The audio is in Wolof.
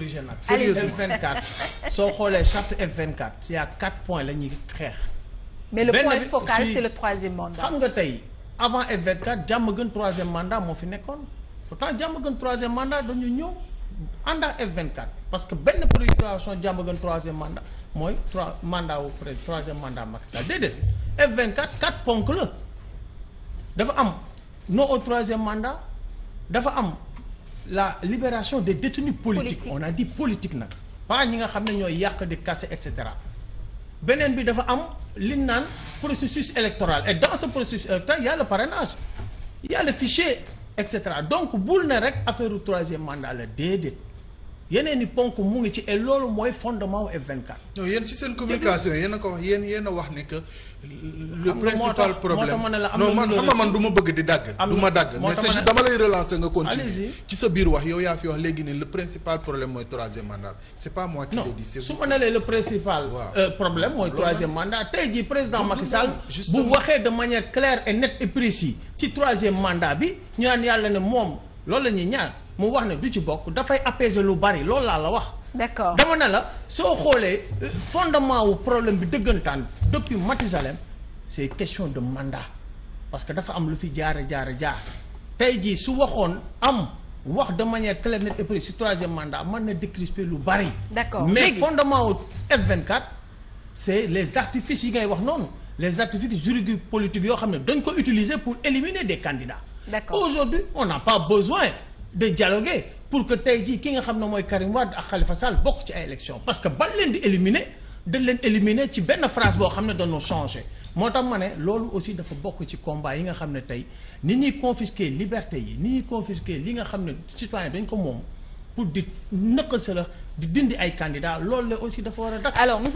corriger nag sérieusement f soo xoolee charte F24 il y a quatre points la ñuy xeex mais le point focal c'est le troisième mandat xam nga tey avant F24 jàmm moo fi nekkoon pourtant jàmm gën troisième mandat dañu ñëw ànd ak F24 parce que benn préoccupation jàmm gën troisième mandat mooy trois mandat wu pré troisième mandat Macky Sall déedéet F24 quatre ponk la dafa am non au mandat dafa am la libération des détenus politiques Politique. on a dit politique nag pas ñi nga xam ne ñooy yàq di casser et cetera beneen bi dafa am li ñu naan processus électoral et dans sa processus électoral y a le parrainage y a le fichier et cetera donc bul ne rek affaire troisième mandat la déedéet yeneen i ponk mu ngi ci et loolu mooy fondement wu F24. non yéen ci seen communication yéen a ko wax yéen yéen a wax ne que. le principal problème non man xam nga ma bëgg di dàgg. am du ma dàgg mais c'est juste dama lay relancer nga continuer. ci sa biir wax yow yaa fi wax léegi ne le principal problème mooy troisième mandat c'est pas moi qui le dis. su ma nee le principal. Euh, problème mooy troisième mandat tey jii président Macky Sall. bu waxee de manière claire et nette et précise ci troisième mandat bi ñu yàlla ne moom loolu la ñuy ñaar. mu wax ne du ci bokk dafay apaiser lu bari loolu laa la wax. d'accord dama ne la soo xoolee euh, fondement wu problème bi dëggantaan depuis Mathusalem c'est question de mandat parce que dafa am lu fi jaar a jaar a jaar tey jii su waxoon am. wax de manière claire nette et précise si troisième mandat mën na décrisper lu bari. d'accord mais fondement au F24 c'est les artifices yi ngay wax noonu les artifices juridiques politique yoo xam ne dañ ko utiliser pour éliminer des candidats. d'accord aujourd'hui de dialoguer pour que tey jii ki nga xam ne mooy Karim Wade ak Khalifa bokk ci ay élection parce que ban leen di éliminer dañ leen éliminer ci benn phrase boo xam ne dañoo changé moo tax ma ne loolu aussi dafa bokk ci combat yi nga xam ne tey ni ñuy confisquer liberté yi ni ñuy confisquer li nga xam ne citoyen dañ ko moom pour di nëq sa la di dindi ay candidats loolu la aussi dafa war a dakk